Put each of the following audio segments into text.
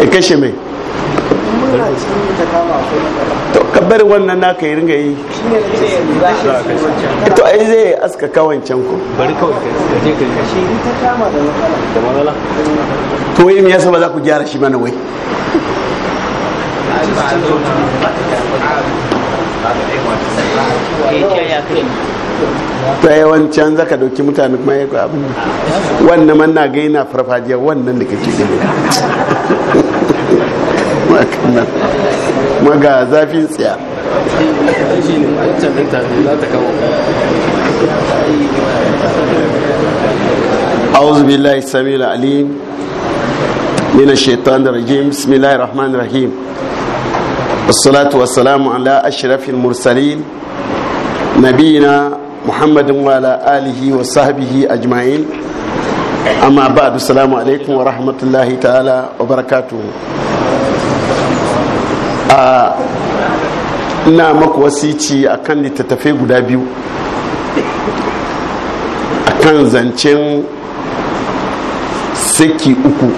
ya kashe mai to kabbar wannan naka yi ringa yi to ai zai aska can ku bari kawai to yi miyasa ba za ku gyara shi mana wai ta yawancan zaka dauki mutane kuma ya kwa abin wannan man na gaina farfajiya wannan da kake gani makon nan maga zafin tsaya auzu billahi samila alim mina shaitan da rajim bismillah rahman rahim wasalatu wasalamu ala ashirafin mursalin nabina muhammadin wala alihi wa sahbihi ajma'in amma ba'du salamu alaikum wa rahmatullahi ta'ala wa barakatuhu a ina maku wasici a kan littattafai guda biyu a kan zancen saki uku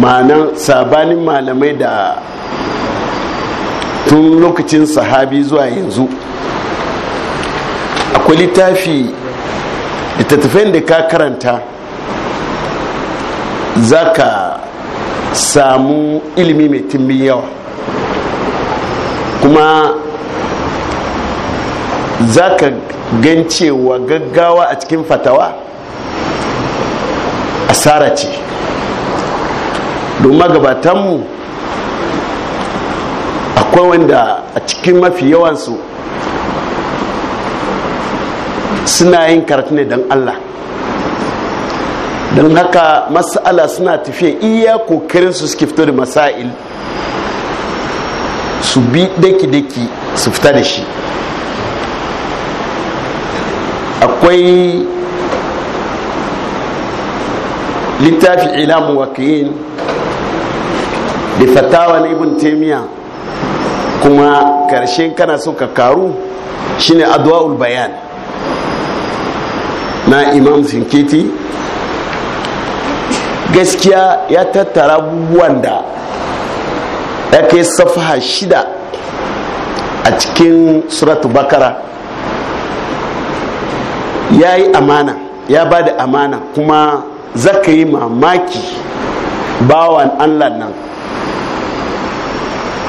ma'anan sabanin malamai da tun lokacin sahabi zuwa yanzu akwai littafi littattafai da ka karanta za ka samu ilimi mai timbin yawa kuma za ka gan cewa gaggawa a cikin fatawa asara ce domin gabatanmu akwai wanda a cikin mafi yawansu suna yin karatu ne don allah don haka mas'ala suna tafiya iya kokarin su suke fito da masail su bi daki-daki su fita da shi akwai littafi ilamu wakilin da fatawa na ibn taimiyya kuma karshen kana so ka karu shine adwa'ul bayan na imam sinkiti gaskiya ya tattara abubuwan da ya kai safaha shida a cikin suratu bakara ya yi amana ya ba da amana kuma zaka yi mamaki bawan allah nan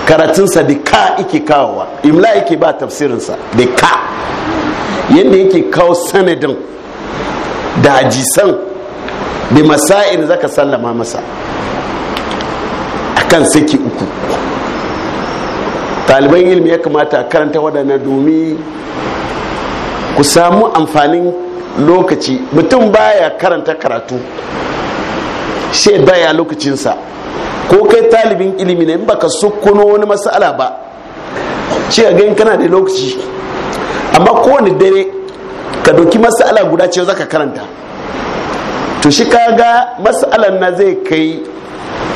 karatunsa da ka ike kawowa imla yake ba tafsirinsa da ka yadda yake kawo sanadin da ajisan bi masa'il zaka sallama masa akan saki uku taliban ilimi ya kamata a karanta waɗannan domin ku samu amfanin lokaci mutum baya karanta karatu shi baya lokacinsa ko kai talibin ilimi ne in baka sukkuno wani masala ba ce ga in kana da lokaci amma kowane dare ka doki masala guda ce zaka karanta to shi kaga mas'alan na zai kai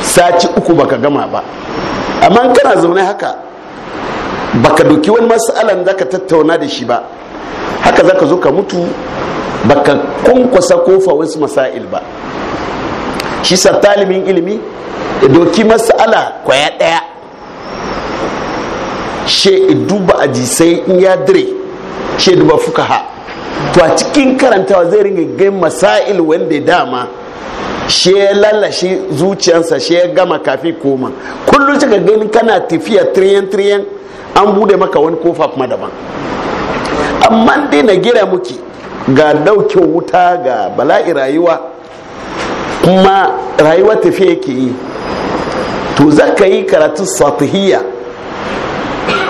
sati uku baka gama ba amma kana zaune haka baka doki wani mas'alan zaka tattauna da shi ba haka zaka zo ka mutu baka kunkwasa kofa wasu masail ba shi sa talimin ilimi doki mas'ala kwaya daya she duba ajisai in ya dire she duba ha. to a cikin karantawa zai ringa gai masail wanda dama shi ya lalashe zuciyarsa shi ya gama kafi koma kullum suka gani kana tafiya tiriyan tiriyan an bude maka wani kofa kuma daban amma dai na gira muke ga daukin wuta ga bala'i rayuwa kuma rayuwa tafiya yake yi to za ka yi karatu satihiyya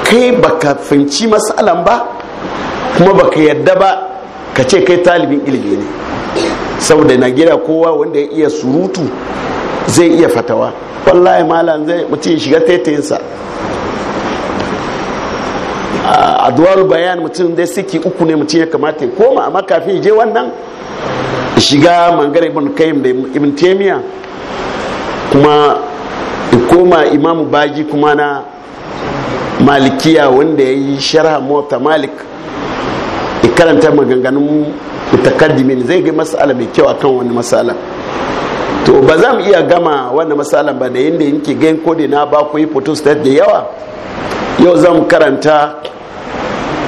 kai baka fahimci matsalan ba kuma baka yadda ba ka ce kai talibin ilimi ne saboda na gida kowa wanda ya iya surutu zai iya fatawa wallahi malam zai mutum shiga taitayinsa a duwar bayan mutum dai siki uku ne mutum ya kamata ya koma amma kafin je wannan shiga mangare ibn kayyim da ibn taymiya kuma koma imamu baji kuma na malikiya wanda ya yi sharha mota malik karanta maganganun mutakaddimin zai ga masala mai kyau akan wani matsala to ba za mu iya gama wannan matsalan ba da yadda yake gain kodi na ba ku yi photostat da yawa yau za mu karanta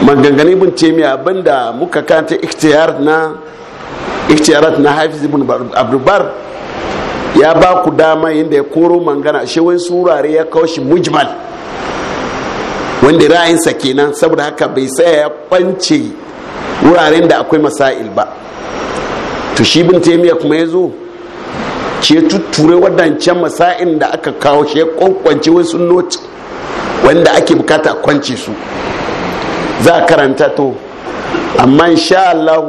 maganganun ibn temi abinda muka karanta ikhtiyar na ikhtiyarat na ibn abdubar ya ba ku dama yadda ya koro mangana shi wani surare ya kawo shi mujmal wanda ra'ayinsa kenan saboda haka bai saya ya kwance wuraren da akwai masail ba to shi bin taimiyya kuma ya zo ce tutture wadancan masa'in da aka kawo shi kwankwanci wasu noti wanda ake bukata kwance su za a karanta to amma sha Allah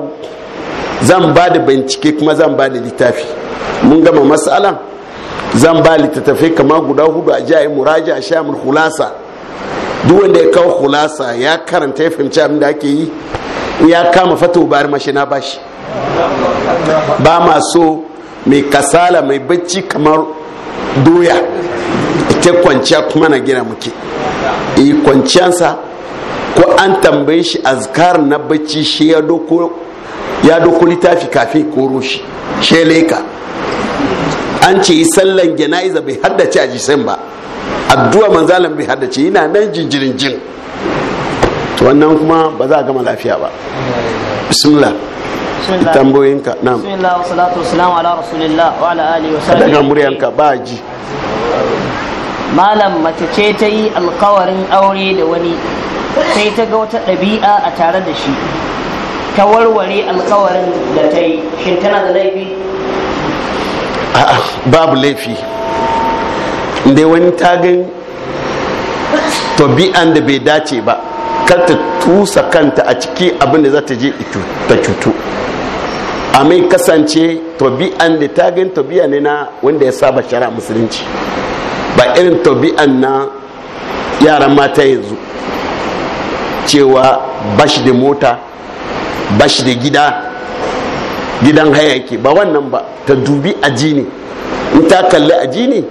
zan ba da bincike kuma zan ba da littafi mun gama matsala zan ba littattafai kama guda hudu a jayi muraja sha mun hulasa duk wanda ya kawo hulasa ya karanta ya fahimci abin da ake yi ya kama fato bayar mashi na bashi ba ma so mai kasala mai bacci kamar doya ita kwanciya kuma na gina muke yi eh, kwanciyansa ko an tambaye shi a azkar na bacci shi ya doko littafi kafin koro shi shi an ce yi sallan jana'iza bai haddace a jisan ba addu'a manzalan bai haddace yana nan jinjirin jin to wannan kuma ba za a gama lafiya ba bismillah tambayoyinka na bismillah wa salatu wa salamu ala wa ala muryanka ba ji malam mace ce ta yi alkawarin aure da wani sai ta ga wata ɗabi'a a tare da shi ta warware alkawarin da ta yi shin tana da laifi babu laifi dai wani tagin to tabi'an da bai dace ba ta tusa kanta a ciki abin da za ta je ta cutu a mai kasance tabi'an da ta gani ne na wanda ya saba shara musulunci ba irin tabi'an na yaran mata yanzu cewa bashi da mota bashi da gida gidan haya ba wannan ba ta dubi a ne in ta kalli a ne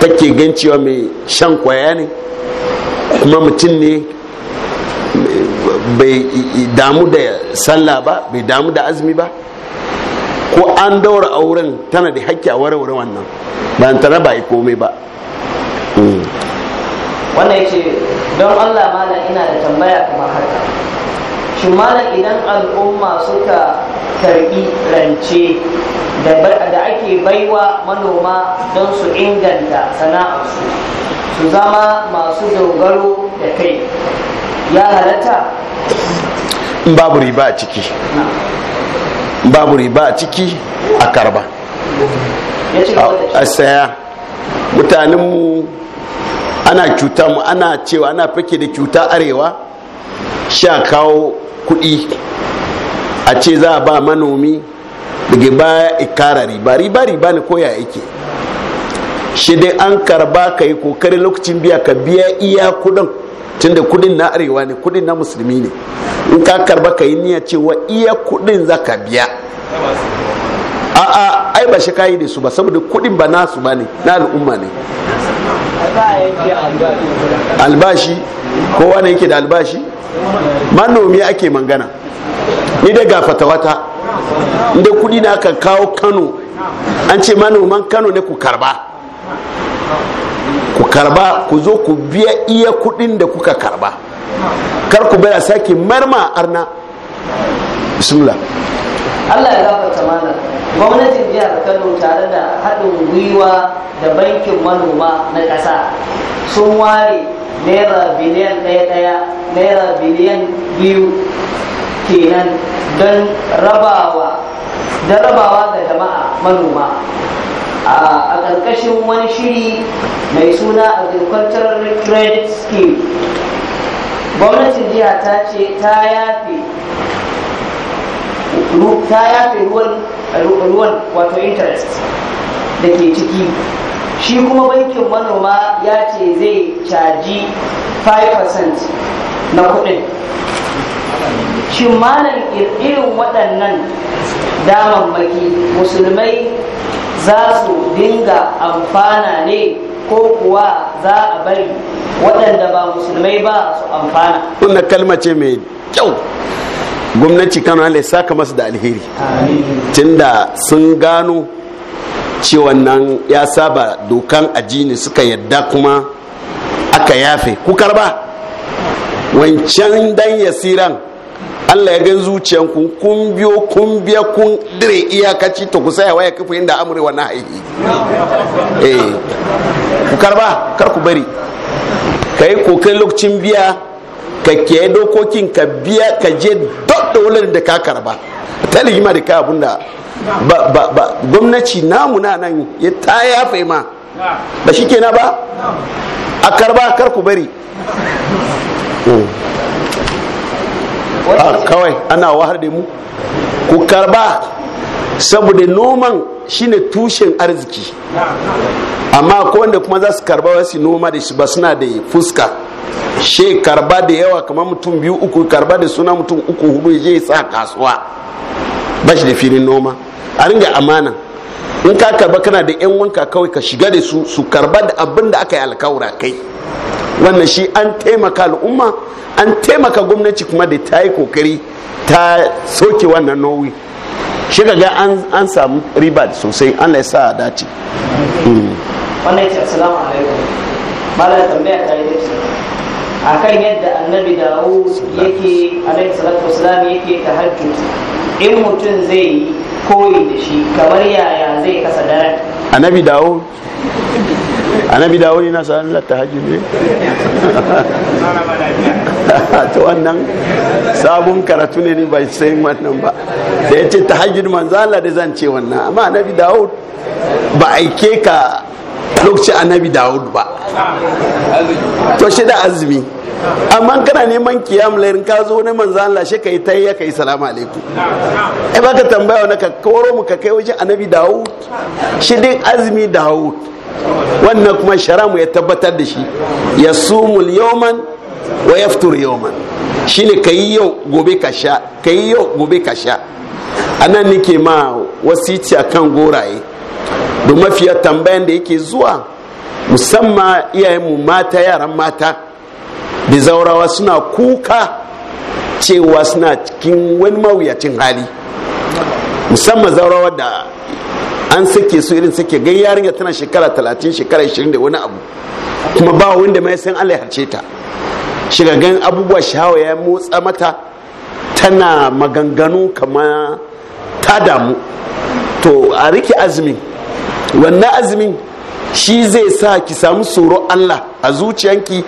take gan cewa mai shan kwaya ne kuma mutum ne bai damu da sallah ba bai damu da azumi ba ko an daura auren tana da hakki a warware wannan ba ta raba ba komai ba mm. wannan ya ce don allah mana ina da tambaya kuma haka shi mana idan al'umma suka karbi rance da ake baiwa manoma don su inganta sana'arsu su zama masu dogaro da kai ya halatta babu riba a ciki babu riba a ciki a karba a saya mutanenmu ana cuta mu ana cewa ana fake da cuta arewa sha kawo kudi a ce za a ba manomi daga baya ikara riba riba riba ne koya yake shi dai an karba ka yi kokarin lokacin biya ka biya iya kudin tunda kudin na arewa ne kudin na musulmi ne in ka karba ka yi niyya cewa iya kudin za ka biya a a ai ba shi kayi da su ba saboda kudin ba nasu ba ne na al'umma ne albashi kowa ne yake da albashi manomi ake mangana ni dai ga fatawata inda kudi na aka kawo kano an ce manoman kano ne ku karba karba ku zo ku biya iya kudin da kuka karba kar ku bada sake marma arna bismillah Allah ya gafarta malam gwamnatin jihar Kano tare da haɗin gwiwa da bankin manoma na ƙasa sun ware naira biliyan ɗaya ɗaya naira biliyan biyu kenan don rabawa da rabawa da jama'a manoma a ƙarƙashin wani shiri mai suna agricultural trade scheme gwamnatin jiya ta ce ta yafe ruwan wato interest da ke ciki shi kuma bankin manoma ya ce zai caji 5% na kudin shin malam irin waɗannan damammaki musulmai za su dinga amfana ne ko kuwa za a bari waɗanda ba musulmai ba su amfana wannan kalma ce mai kyau gwamnati kano ya saka masu da alheri tunda sun gano cewa nan ya saba dokan ajini suka yadda kuma aka yafe kukar ba wancan dan yasiran Allah ya gan zuciyanku kun biyo kun biya kun dire iyakaci to ku saya waya kafa inda amure wa haihi eh ku karba kar ku bari kai kokarin lokacin biya ka ke dokokin ka biya ka je duk da da ka karba ta ma da ka abunda ba ba ba gwamnati namu na nan ya ta y'a ma ba shi kenan ba a karba kar ku bari hmm. kawai ana wahar da mu ku karba saboda noman shine tushen arziki amma ko kuma za su karba wasu noma da shi ba suna da fuska she karba da yawa kamar mutum biyu uku karba da suna mutum uku hudu ya sa kasuwa ba shi da filin noma a ringa amana in ka karba kana da yan wanka kawai ka shiga da su su karba da abin da aka yi alkawura kai wannan shi an taimaka al'umma an taimaka gwamnati kuma da ta yi kokari ta soke wannan nauyi shi ga an samu riba sosai an ya sa a mm. dace a kan yadda annabi dawud yake alaihi salatu wasalam yake tahajjud in mutum zai yi koyi da shi kamar yaya zai kasa daren annabi dawud annabi dawo yana sa'an latta hajji ne ta wannan sabon karatu ne bai sai wannan ba da ya ce ta hajji manzala da zan ce wannan amma annabi dawo ba aike ka lokacin annabi dawud ba to shi da azumi amma kana neman kiyam lairin ka zo ne manzo Allah shi kai tai ya kai salamu alaikum eh baka tambaya wani ka koro mu ka kai wajen annabi dawud shi din azumi dawud wannan kuma sharamu ya tabbatar da shi ya sumul yawman wa yaftur yawman shine kayi yau gobe ka sha kayi yau gobe ka sha anan nake ma wasici akan goraye don mafiya tambayan da yake zuwa musamman mu mata yaran mata da zaurawa suna kuka cewa suna cikin wani mawuyacin hali musamman zaurawa da an sake su irin sake gan yarinya tana shekara talatin shekara ishirin da wani abu kuma ba wanda mai san Allah harce ta shiga gan abubuwa shawa ya motsa mata tana maganganu kama ta damu to a rike azumin wannan azumin shi zai sa ki samu tsoro Allah a zuciyanki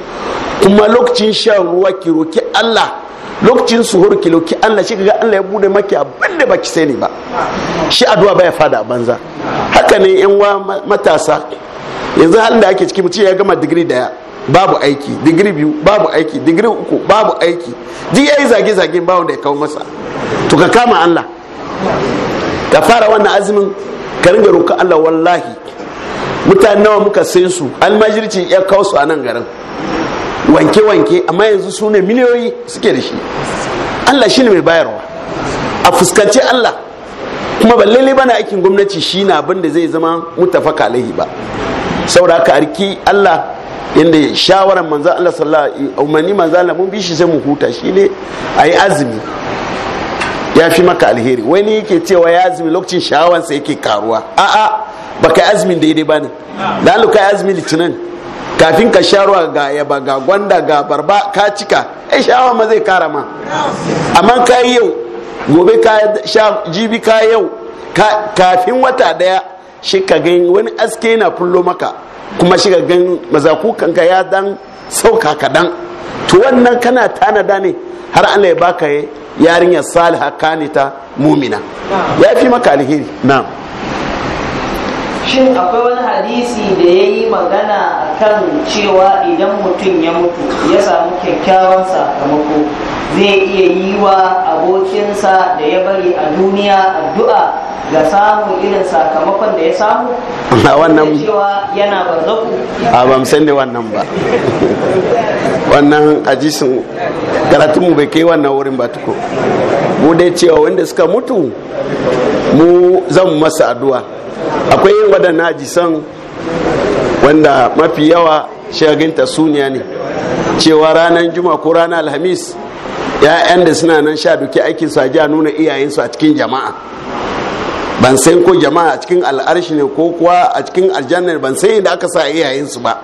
kuma lokacin shan ruwa ki roki Allah lokacin su ki loki Allah shi kaga Allah ya bude maki abin da baki sani ba shi addu'a baya fada a banza haka ne yan wa matasa yanzu halin da ake ciki mutum ya gama digiri daya babu aiki digiri biyu babu aiki digiri uku babu aiki duk yayi zage zage ba wanda ya kawo masa to ka kama Allah ka fara wannan azumin ka ringa roƙa Allah wallahi mutane nawa muka san su almajirci ya kawo su a nan garin wanke-wanke amma yanzu su ne miliyoyi suke da shi allah shi ne mai bayarwa a fuskanci allah kuma ba lalle bana aikin gwamnati shi na abin da zai zama mutafaka alaihi ba saboda haka arki allah yadda shawarar manzan allah sallallahu umarni manzan allah mun bi shi sai mu huta shi ne a yi azumi ya fi maka alheri wani yake cewa ya azumi lokacin shawansa yake karuwa a'a ba baka azumin daidai ba ne da ka yi azumin litinin kafin ka sharuwa ga yaba ga gwanda ga barba ka cika ai shawa ma zai kara ma amma ka yi yau gobe ka sha jibi ka yau kafin wata daya shi ka gani wani aske na fullo maka kuma shi ka gani kanka ya dan sauka kadan to wannan kana tanada ne har Allah ya baka yarinyar saliha kanita mumina ya fi maka alheri na'am shin akwai wani hadisi da ya yi magana a kan cewa idan mutum ya mutu ya samu kyakkyawan sakamako zai iya yi wa abokinsa da ya bari a duniya addu'a ga samun irin sakamakon da ya samu wannan cewa yana barzaku a ban san da wannan ba wannan ajisin karatunmu bai kai wannan wurin ba tuko mu dai cewa wanda suka mutu mu zan masa addu'a akwai waɗannan son wanda mafi yawa shaginta suniya ne cewa ranar juma ko ranar alhamis ya'yan da suna nan sha duki aikin su a nuna iyayensu a cikin jama'a ban san ko jama'a a cikin al'arshi ne ko kuwa a cikin aljannar ban san da aka sa iyayensu ba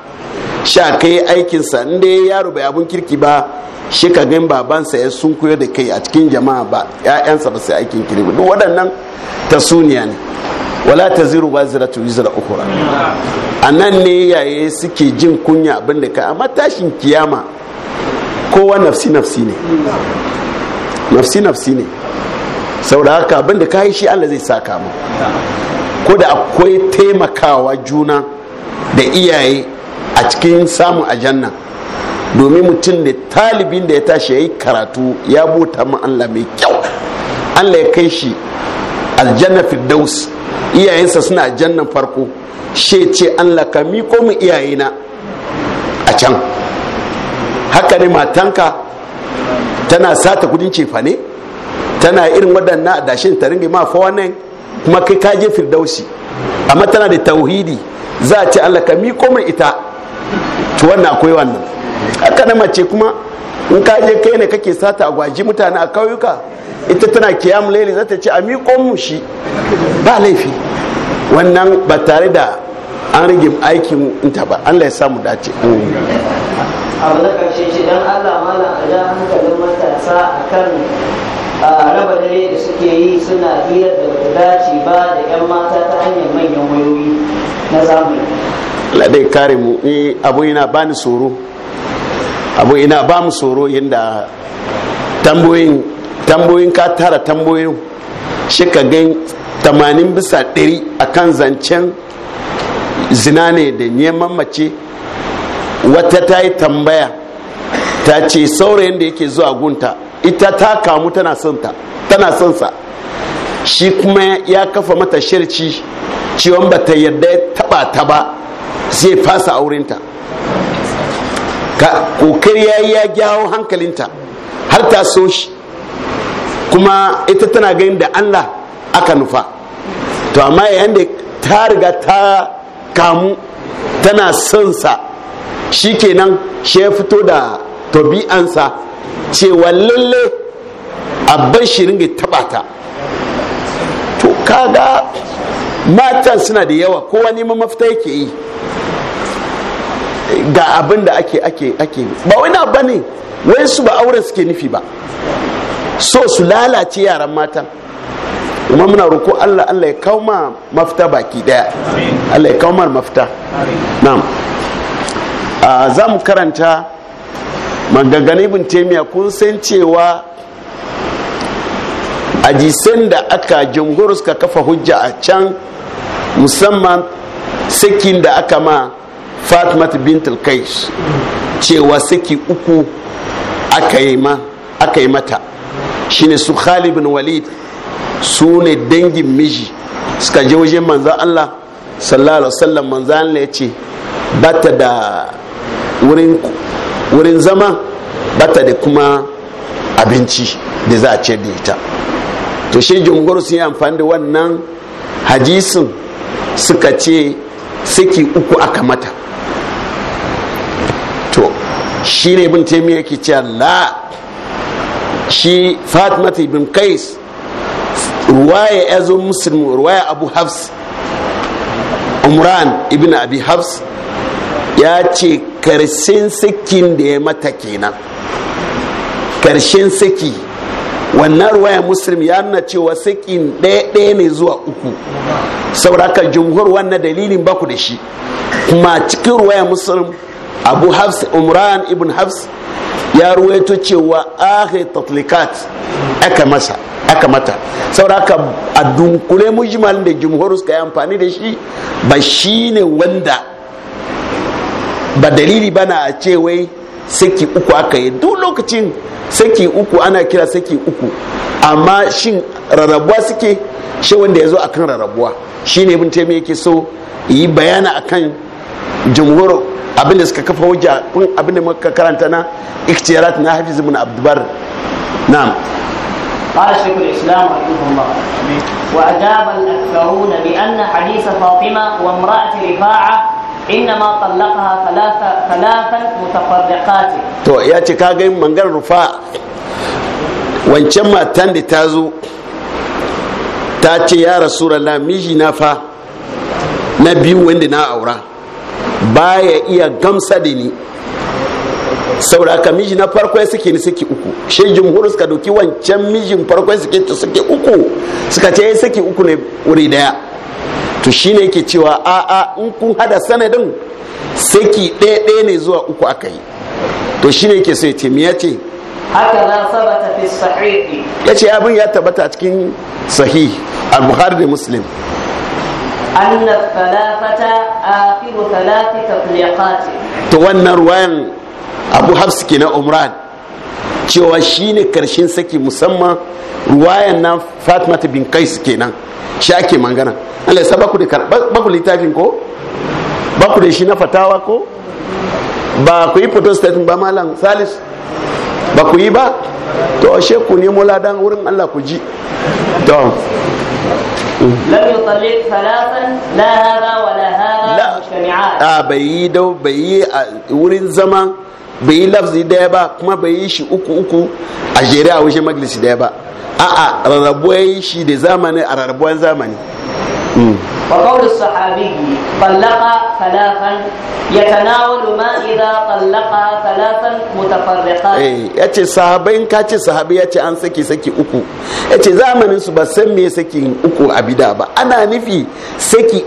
sha kai aikinsa inda dai yaro bai abun kirki ba shi ka gan babansa ya sun koyo da kai a cikin jama'a ba ya'yansa ba sai aikin kirki duk waɗannan ta suniya ne wala ta ziru ba zira tu zira ukura a nan ne yaye suke jin kunya abin da ka amma tashin kiyama kowa nafsi nafsi ne nafsi nafsi ne saboda haka abin da ka yi shi allah zai saka mu ko da akwai taimakawa juna da iyaye a cikin samun ajanna domin mutum da talibin da ya tashi ya yi karatu ya bota mu allah mai kyau allah ya kai shi aljanna firdaus iyayensa suna jannan farko she ce Allah ka miko mu iyayena a can haka ne matanka tana sata kudin cefa ne tana irin waɗannan adashin ta ringa ma fa wannan kuma kai ka je firdausi amma tana da tauhidi za a ce Allah ka miko mu ita to wannan akwai wannan haka ne mace kuma in ka je kai ne kake sata agwaji mutane a kauyuka ita tana kiyam laili za ta ce a miƙon mu shi ba laifi wannan ba tare da an rage aikin ta ba an ya samu dace abu na ƙarshe ce don Allah mana a ja hankalin matasa a kan raba dare da suke yi suna hira da bata dace ba da yan mata ta hanyar manyan wayoyi na zamani Allah dai kare mu eh abu yana bani tsoro abu ina ba mu tsoro inda tamboyin tamboyin ka tara tamboyin shi ka gan tamanin bisa a akan zancen zina ne da neman mace wata ta yi tambaya ta ce saurayin da yake zuwa gunta ita ta kamu tana son tana sonsa shi kuma ya kafa mata shirci ciwon ba ta yarda ya taba ta ba zai fasa aurenta kokari ya yi ya jawo hankalinta har ta so shi kuma ita tana ganin da allah aka nufa to amma yayin da ta riga ta kamu tana son sa shi kenan shi ya fito da ce cewa lalle abban shi ringa taba ta to kaga matan suna da yawa kowa neman mafita yake yi ga abin da ake ake ake ba wani abu ne wai su ba auren suke nufi ba so su lalace yaran matan kuma muna roko Allah Allah ya kawo ma mafita baki daya Allah ya kawo ma mafita na'am za mu karanta maganganu ibn taymiya kun san cewa ajisan da aka jamhur suka kafa hujja a can musamman sakin da aka ma fatima bint al cewa saki uku aka yi ma aka yi mata shine su Khalid bin Walid su ne dangin miji suka je wajen manzan Allah sallallahu alaihi wasallam manzan Allah ya ce bata da wurin zama bata da kuma abinci da za a ce da ita to shi sun yi amfani da wannan hadisin suka ce saki uku aka mata to shi ne bin taimiyya yake ce la shi fatima ibn kais ruwaya ya zo muslim ruwaya abu hafs umran ibn abi hafs ya ce karshen sakin da ya mata kenan karshen saki wannan ruwaya muslim ya nuna cewa sakin ɗaya-ɗaya ne zuwa uku sauraka jumhur wannan dalilin baku da shi kuma cikin ruwaya muslim abu hafs umran ibn hafs ya ruwaito cewa ahe tatlikat aka masa aka mata sauraka a dunkule mujmal da jumhur suka yi amfani da shi ba shi ne wanda ba dalili bana a cewai saki uku aka yi duk lokacin saki uku ana kira saki uku amma shin rarrabuwa suke shi wanda ya zo akan rarrabuwa shi ne ibn taimiyya yake so yi bayana akan jumhur abinda suka kafa hujja kun abinda muka karanta na ikhtiyarat na hafiz ibn abdulbar na'am قال شيخ الاسلام رحمه الله واجاب الاكثرون بان حديث فاطمه وامراه رفاعه انما طلقها ثلاثا ثلاثا متفرقات تو يا رفاع wancan matan da ta zo ta ce ya rasu miji na fa na biyu wanda na aura baya iya gamsa da ni saboda haka miji na farko suke ni suke uku shi jumhur suka doki wancan mijin farko suke suke suke uku suka ce eh, suke uku ne wuri daya to shine yake cewa a a in kun hada sanadin saki ɗaya ɗaya ne zuwa uku aka yi to shine yake sai ce me ce. haka na sabata fi sahihi ce abin ya tabbata cikin sahih al-bukhari da muslim anna thalathata akhiru thalathi tafliqat to wannan ruwayan Abu Hafs na Umran cewa shine karshen saki musamman ruwayan na Fatima ta bin Qais kenan shi ake mangana Allah ya baku da baku littafin ko baku da shi na fatawa ko ba ku yi photo statement ba malam Salis ba ku yi ba to ashe ku nemo ladan wurin Allah ku ji to lam yutalliq thalathan la hada wa la a ah, bai yi dau bai yi a wurin zama bai yi lafzi daya ba kuma bai yi shi uku uku a jere a wajen majalisi daya ba a rarrabuwa yi shi da zamani a rarrabuwan zamani وقول الصحابي طلق ثلاثا يتناول ما إذا طلق ثلاثا متفرقات إيه يأتي صحابين كاتي صحابي يأتي أن سكي سكي أكو يأتي زامن سبا سمي سكي أكو أبدا با أنا نفي سكي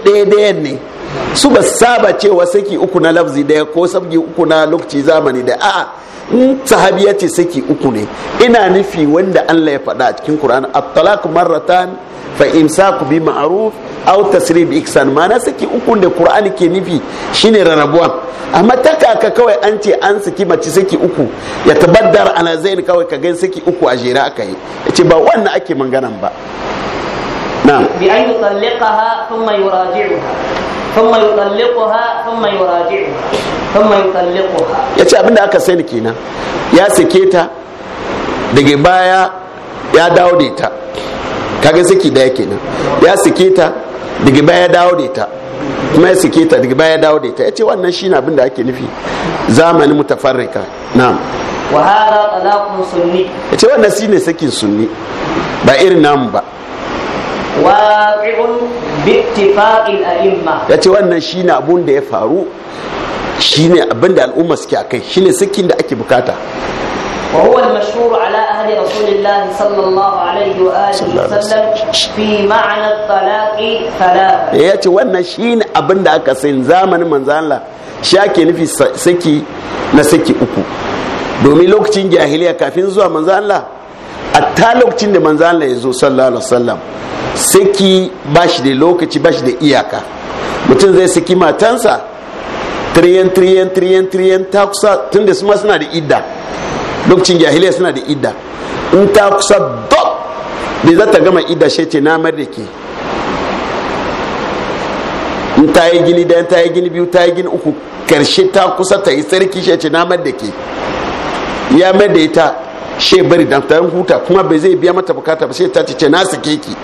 su ba saba cewa saki uku na lafzi daya ko sabgi uku na lokaci zamani da a'a in sahabi ya ce saki uku ne ina nufi wanda Allah ya faɗa a cikin Qur'an at-talaq marratan fa imsaku bi ma'ruf aw tasrib bi ihsan ma'ana saki uku da Qur'an ke nufi shine rarrabuwa amma ta kaka kawai an ce an saki mace saki uku ya tabaddar ana zain kawai ka gan saki uku a jera aka yi ce ba wannan ake manganan ba نعم بأن يطلقها ثم يراجعها ثم يطلقها ثم يراجعها ثم يطلقها yace abinda aka sani kenan ya sake ta daga baya ya dawo da ita kaga saki daya kenan ya sake ta daga baya ya dawo da ita kuma ya sake ta daga baya ya dawo da ita yace wannan shine abin da ake nufi zamanin mutafarrika na'am wa hada talaqu sunni yace wannan shine sakin sunni ba irin namu ba waqi'un bi ittifaqil Ya ce wannan shi ne abun da ya faru shi ne abin da al'umma suke shi ne sakin da ake bukata وهو المشهور على أهل رسول الله صلى الله عليه وآله وسلم في ya ce wannan shi ne abin da aka sayin zamanin manzala shi ake nufi saki na saki uku domin lokacin jahiliya kafin zuwa manzala a ta lokacin da manzo Allah ya zo sallallahu alaihi wasallam saki ba shi da lokaci ba shi da iyaka mutum zai saki matansa tiriyan tiriyan tiriyan tiriyan ta kusa tun da suma suna da idda lokacin jahiliya suna da idda in ta kusa dok da za ta gama idda shi ce na mar da ke in ta yi gini dan ta yi gini biyu ta yi gini uku karshe ta kusa ta yi tsarki shi ce na mar da ke ya mar da ita she bari dan ta huta kuma bai zai biya mata bukata ba sai ta ce na sake ki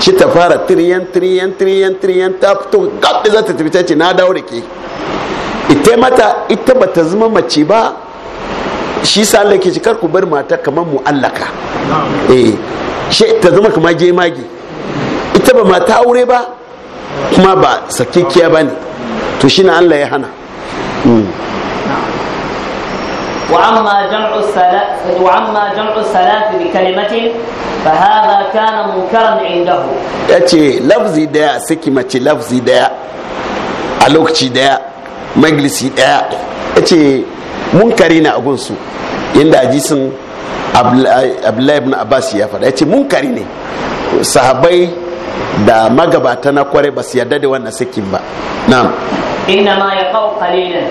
shi ta fara tiriyan tiriyan tiriyan tiriyan ta fito gaɗe za ta tafi ta ce na dawo da ke ita mata ita ba ta zama mace ba shi sa Allah ke cikar ku bar mata kamar mu'allaka eh she ta zama kamar gemage ita ba mata aure ba kuma ba sakekiya bane ne to shi na Allah ya hana mm. وعما جمع السلف وعما جمع السلف بكلمة فهذا كان منكرا عنده يأتي لفظي دا سكمة لفظ دا ألوكتي دا مجلسي دا يأتي منكرين أقنسو yadda ajisin abdullahi ibn abbas ya faɗa ya ce munkari ne sahabai da magabata na kware ba su yarda da wannan sakin ba na inna ma ya kawo kalilin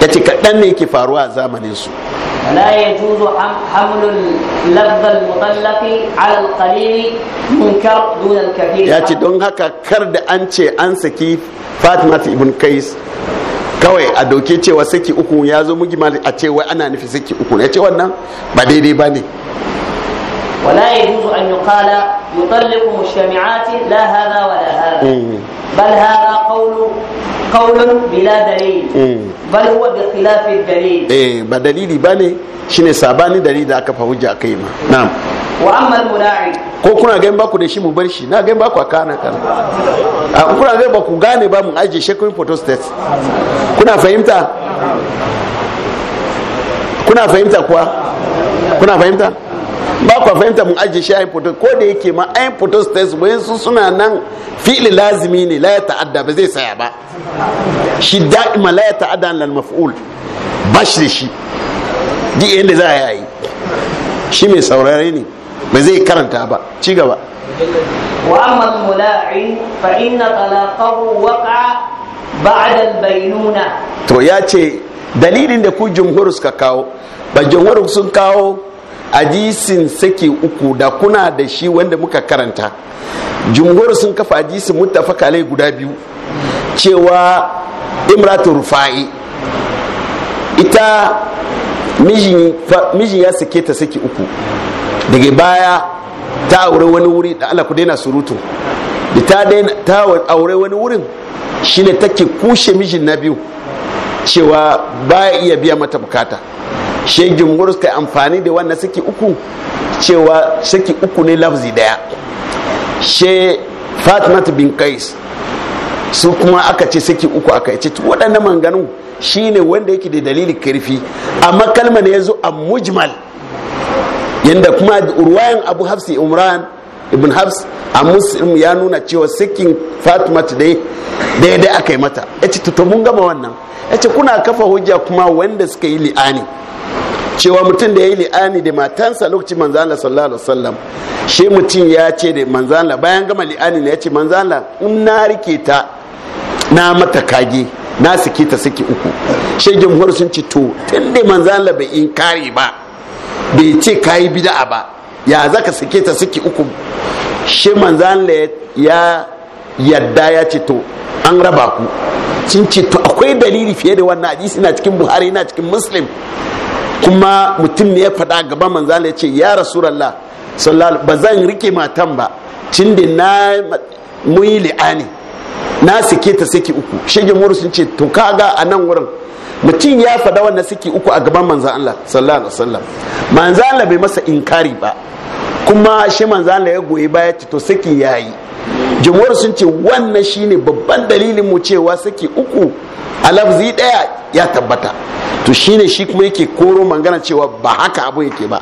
Ya ce kaɗan ne yake faruwa a zamanin su la ya juzo hamlul labdal mutallafi alal qalili munkar dunal kabir ya ce don haka kar da an ce an saki fatima ibn kais kawai a doke cewa saki uku ya zo mugima a ce wai ana nufi saki uku ya ce wannan ba daidai ba ne wala ya juzo an kala يطلق مجتمعات لا هذا ولا هذا بل هذا قول قول بلا دليل بل هو بخلاف الدليل ايه بدليل بني شنو ساباني دليل ذاك aka fa نعم واما ma ko kuna ga ba ku da shi mu bar shi na ga baku ku kana kana a kuna ga ba ku gane ba mu aje shekwin photo state kuna fahimta kuna fahimta kuwa kuna fahimta ba kwa fahimta mun ajiye shi ayin fotos ko da yake ma ayin fotos ta su bayan su suna nan fi'li lazimi ne la ya ta'adda ba zai saya ba shi da'ima la ya ta'adda lal maf'ul ba shi da shi duk yadda za a yi shi mai saurare ne ba zai karanta ba ci gaba وأما الملاعن فإن طلاقه وقع بعد البينونة to ya ce dalilin da ku jumhur suka kawo ba jumhur sun kawo ajisin sake uku da kuna da shi wanda muka karanta jumhur sun kafa ajisin mutafakalai guda biyu cewa imratu rufa'i ita mijin ya sake ta sake uku daga baya ta aure wani wuri da ala ku daina surutu da ta aure wani wurin shine take kushe mijin na biyu cewa baya iya biya mata bukata shi jumhur suka amfani da wannan saki uku cewa saki uku ne lafzi daya she fatimatu bin kais su kuma aka ce saki uku aka ce waɗannan manganu shine wanda yake da dalili karfi amma kalma ne ya zo a mujmal yadda kuma ruwayan abu hafsi umran ibn hafs a muslim ya nuna cewa sakin Fatima dai daidai aka yi mata ya ce mun gama wannan ya ce kuna kafa hujja kuma wanda suka yi li'ani cewa mutum da ya yi li'ani da matansa lokacin manzo sallallahu alaihi wasallam shi mutum ya ce da manzo bayan gama li'ani ne ya ce manzo in na rike ta na mata kage na suke ta suke uku shi jamhur sun ce to tun da manzo bai in kare ba bai ce kayi bida'a ba ya zaka suke ta suke uku shi manzo ya yadda ya ce to an raba ku sun ce to akwai dalili fiye da wannan hadisi na cikin buhari na cikin muslim kuma mutum ne ya faɗa gaba manzala ya ce ya rasulallah ba zan rike matan ba cin da na muyi li'ani na sike ta sike uku shege muru sun ce to kaga a nan wurin mutum ya faɗa wannan sike uku a gaban manzan Allah sallallahu alaihi wasallam manzan Allah bai masa inkari ba kuma shi manzan Allah ya goyi baya ta to saki yayi jumhur sun ce wannan shine babban dalilin mu cewa saki uku a lafzi daya ya tabbata to shine shi kuma yake koro mangana cewa ba haka abu yake ba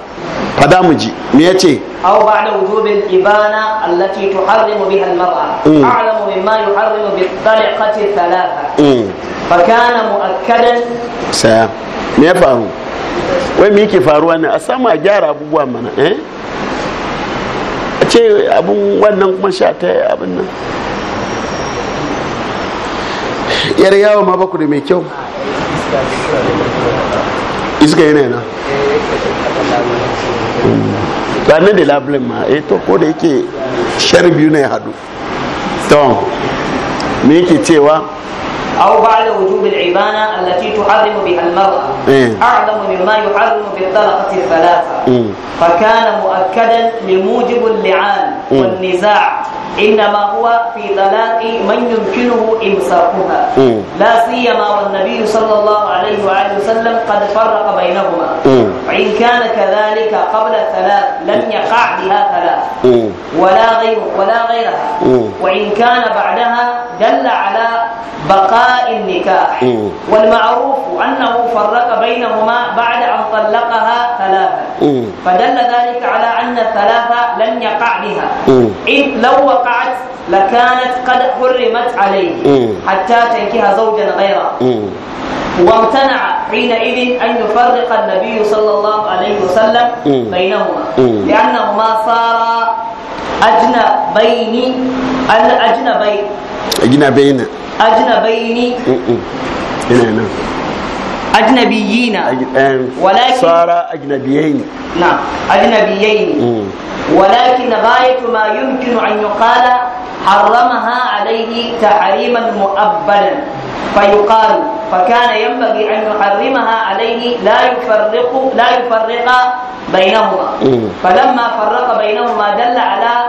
fada mu ji me yace aw ba'da wujubil ibana allati tuharrimu biha al-mar'a mm. a'lamu mimma yuharrimu bi tariqati thalatha mm. fa kana mu'akkadan sa me ya faru wai me yake faruwa ne a sama a gyara abubuwa mana eh a ce abun wannan kuma sha ta abin nan yar yawo ma ku da mai kyau iska yanayi na? Hmm. ba da labulin ma eh to ko da yake shar biyu ne hadu to me yake cewa أو بعد وجوب العبانة التي تحرم بها المرأة إيه. أعظم مما يحرم بالطلقة الثلاثة إيه. فكان مؤكدا لموجب اللعان إيه. والنزاع إنما هو في طلاق من يمكنه إمساكها لا سيما والنبي صلى الله عليه وآله وسلم قد فرق بينهما وإن كان كذلك قبل الثلاث لم يقع بها ثلاث ولا غير ولا غيرها وإن كان بعدها دل على بقاء النكاح والمعروف أنه فرق بينهما بعد أن طلقها ثلاثا فدل ذلك على أن الثلاثة لن يقع بها إذ لو وقعت لكانت قد حرمت عليه حتى تنكها زوجا غيره وامتنع حينئذ أن يفرق النبي صلى الله عليه وسلم بينهما لأنهما صارا أجنبين الأجنبين أجنبيين أجنبيين هنا هنا أجنبيين ولكن صار أجنبيين نعم أجنبيين ولكن غاية ما يمكن أن يقال حرمها عليه تحريما مؤبدا فيقال فكان ينبغي أن يحرمها عليه لا يفرق لا يفرق بينهما فلما فرق بينهما دل على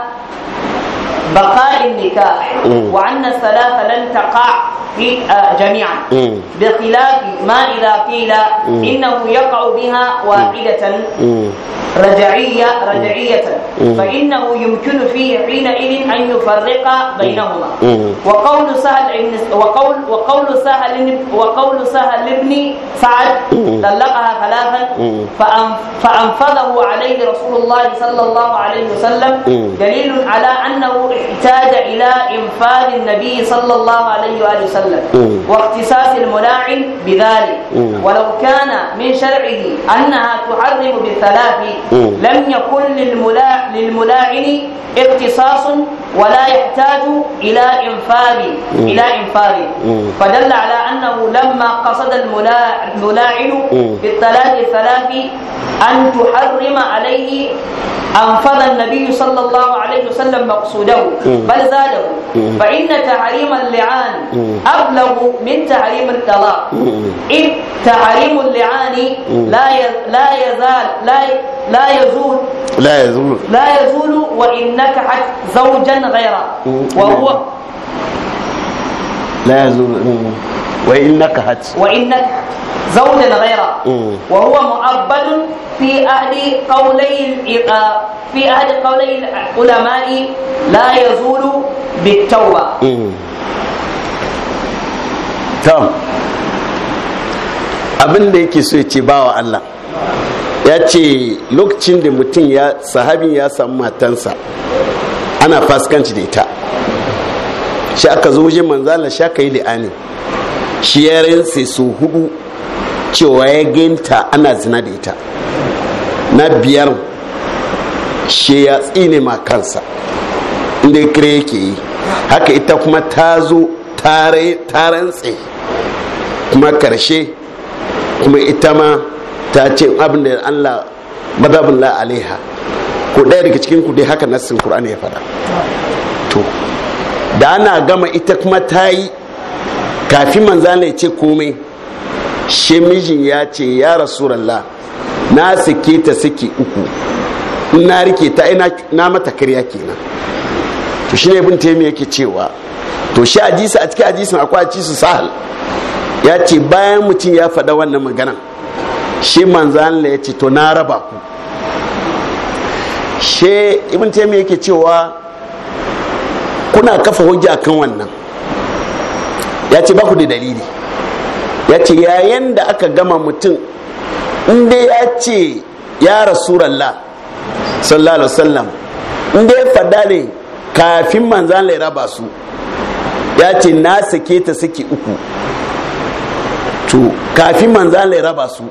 بقاء النكاح وأن الثلاثة لن تقع في آه، جميعا بخلاف ما إذا قيل إنه يقع بها واحدة رجعية رجعية فإنه يمكن فيه حينئذ أن يفرق بينهما وقول سهل وقول وقول سهل وقول سهل ابن سعد طلقها ثلاثا فأنفذه عليه رسول الله صلى الله عليه وسلم دليل على أنه احتاج إلى إنفاذ النبي صلى الله عليه وآله وسلم واختصاص الملاعن بذلك ولو كان من شرعه أنها تحرم بالثلاث لم يكن للملاعن اختصاص ولا يحتاج إلى إنفاذ إلى إنفاذ فدل على أنه لما قصد الملاعن بالثلاث الثلاث أن تحرم عليه أنفذ النبي صلى الله عليه وسلم مقصوده بل زاده فإن تعريم اللعان أبلغ من تعريم الطلاق إذ تعريم اللعان لا لا يزال لا لا يزول لا يزول لا يزول وإن نكحت زوجا غيره وهو لا يزول وإنك هات وإنك زوج غيره وهو معبد في أهل قولي في أهل قولي العلماء لا يزول بالتوبة تمام abin da yake so ya ce bawa Allah ya ce lokacin da mutum ya sahabin ya samu matansa ana fasikanci da ita shi aka zo wajen manzala shi aka yi li'ani shi ya rinse su hudu cewa ya ginta ana zina da ita na biyar shi ya tsine ma kansa inda kire yake yi haka ita kuma ta zo ta rantse kuma karshe kuma ita ma ta ce abin da allah madabin ko ɗaya daga cikin ku haka nassin kur'ani ya fada to da ana gama ita kuma ta yi kafin manzana ya ce komai shi mijin ya ce ya rasulallah na sake ta sake uku na rike ta na mata karya kenan to ne bin taimi yake cewa to shi hadisi a cikin hadisin akwai hadisi sahal ya ce bayan mutum ya faɗa wannan magana shi manzo Allah ya ce to na raba ku shi ibin taimi yake cewa kuna kafa hujja kan wannan ya ce ba ku da dalili ya ce yayin da aka gama mutum inda ya ce ya ralla sallallahu alaihi wasallam inda ya fada ne kafin manzan laira raba su ya ce na sake ta saki uku to kafin manzan laira raba su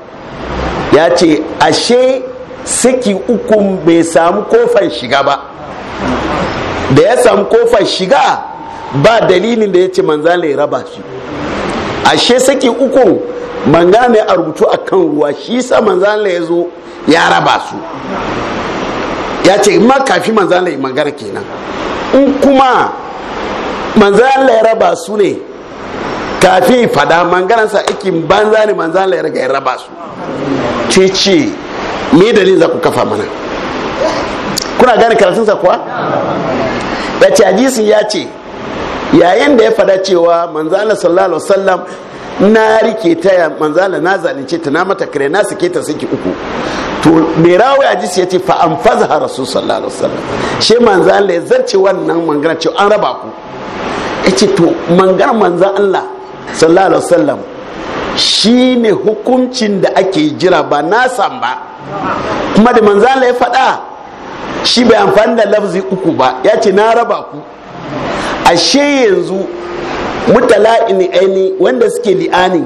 ya ce ashe saki uku bai samu kofar shiga ba da ya samu kofar shiga ba dalilin da ya ce manzala ya raba su ashe saki uku manga a rubutu a kan ruwa shi sa manzala ya zo ya raba su ya ce ma kafi manzala ya magana kenan in kuma manzala ya raba su ne kafi fada manganansa ake banza ne manzala ya raga ya raba su ce ce me dalilin za ku kafa mana kuna gane karatunsa kuwa ya ce ya ce yayin da ya fada cewa manzala sallallahu alaihi wasallam na rike ta manzala na zalunce ta na mata kare na sake ta saki uku to mai rawi hadis ya ce fa an fazaha rasul sallallahu alaihi wasallam shi manzala ya zarce wannan mangana cewa an raba ku ya ce to mangana manzan Allah sallallahu alaihi wasallam shi ne hukuncin da ake jira ba san ba kuma da manzala ya faɗa shi bai amfani da lafzi uku ba ya ce na raba ku ashe yanzu mutala ini aini wanda suke li'ani